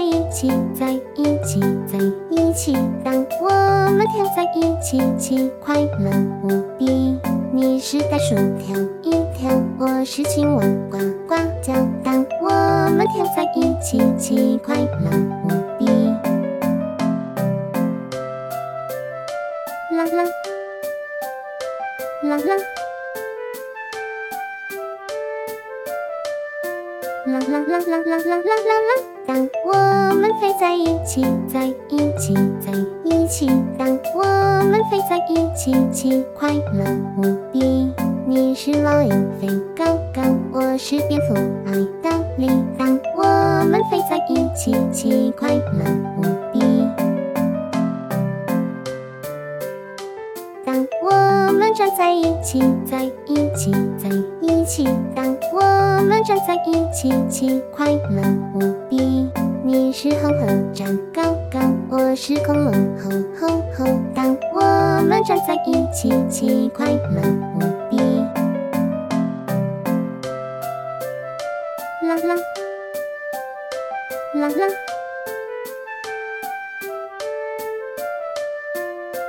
在一起，在一起，在一起。當我們跳在一起，其快樂無比。你是袋鼠跳一跳，我是青蛙呱呱叫。當我們跳在一起，其快樂無比。啦啦，啦啦。啦啦啦啦啦啦啦啦啦。當我們飛在一起，在一起，在一起；當我們飛在一起，其快樂無比。你是老鷹飛高高，我是蝙蝠愛倒立。當我們飛在一起，其快樂無比。當我們站在一起，在一起，在一起。我們站在一起，其快樂無比。你是紅鶴站高高，我是恐龍吼吼吼。當我們站在一起，其快樂無比。啦啦啦啦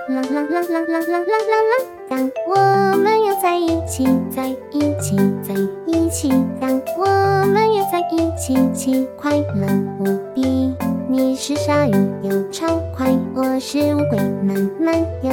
啦啦啦啦啦！當我們游在一起，在一起，在一起。一起，其快樂無比。你是鯊魚游超快，我是烏龜慢慢游。